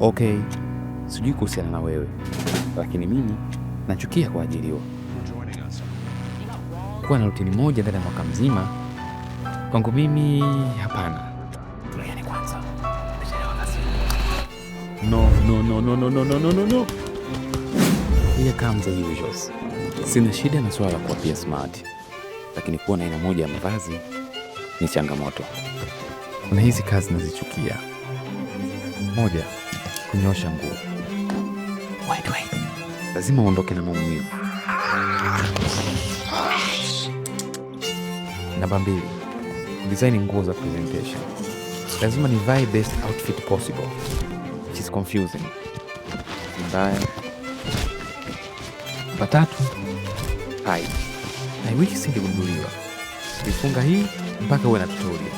Okay, sijui kuhusiana na wewe, lakini mimi nachukia kuajiriwa. Kuwa na rutini moja ndani ya mwaka mzima kwangu mimi hapana. Tuliane kwanza. No, no, no, no, no, no, no, no, no. Here comes the usuals. Sina shida na swala la kuwa pia smart, lakini kuwa na aina moja ya mavazi ni changamoto. Kuna hizi kazi nazichukia. Moja, kunyosha nguo. Wait, wait. Lazima uondoke na maumivu. Namba mbili, design nguo za presentation. Lazima nivae best outfit possible. Which is confusing. Mbaya. Namba tatu, I wish singegunduliwa. Ifunga hii mpaka uwe na tutorial.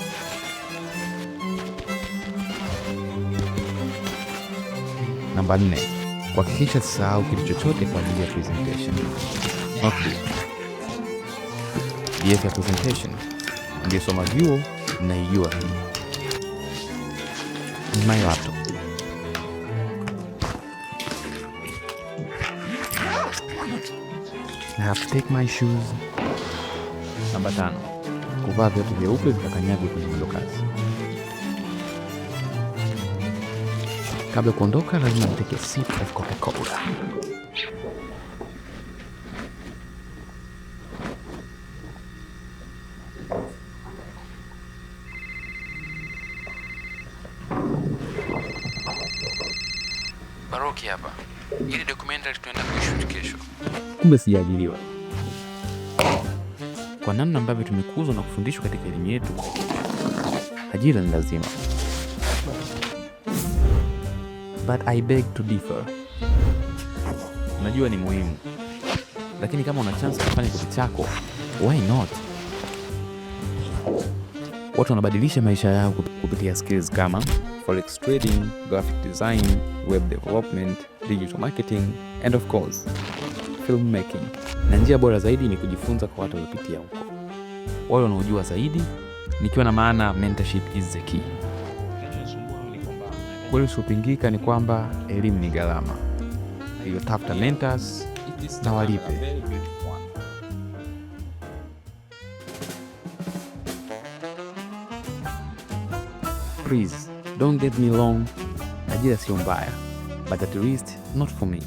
Namba 4, kuhakikisha sisahau kitu chochote kwa ajili ya presentation. Okay. DF ya presentation ndio soma vyuo naijua my laptop. I have to take my shoes. Namba 5, kuvaa viatu vyeupe vikakanyagwe kwenye mwendo Kabla kuondoka, lazima niteke sip of Coca-Cola. Baroki hapa, ili dokumentari tunaenda kuishoot kesho. Kumbe sijaajiliwa. Kwa namna ambavyo tumekuzwa na kufundishwa katika elimu yetu, ajira ni lazima but I beg to differ. Najua ni muhimu, lakini kama una chance kufanya kitu chako, why not? Watu wanabadilisha maisha yao kupitia skills kama forex trading, graphic design, web development, digital marketing and of course filmmaking. Na njia bora zaidi ni kujifunza kwa watu waliopitia huko, wale wanaojua zaidi, nikiwa na maana mentorship is the key ukweli usiopingika ni kwamba elimu ni gharama, hiyo tafuta mentors na walipe. Please don't get me wrong, ajira sio mbaya, but at least not for me.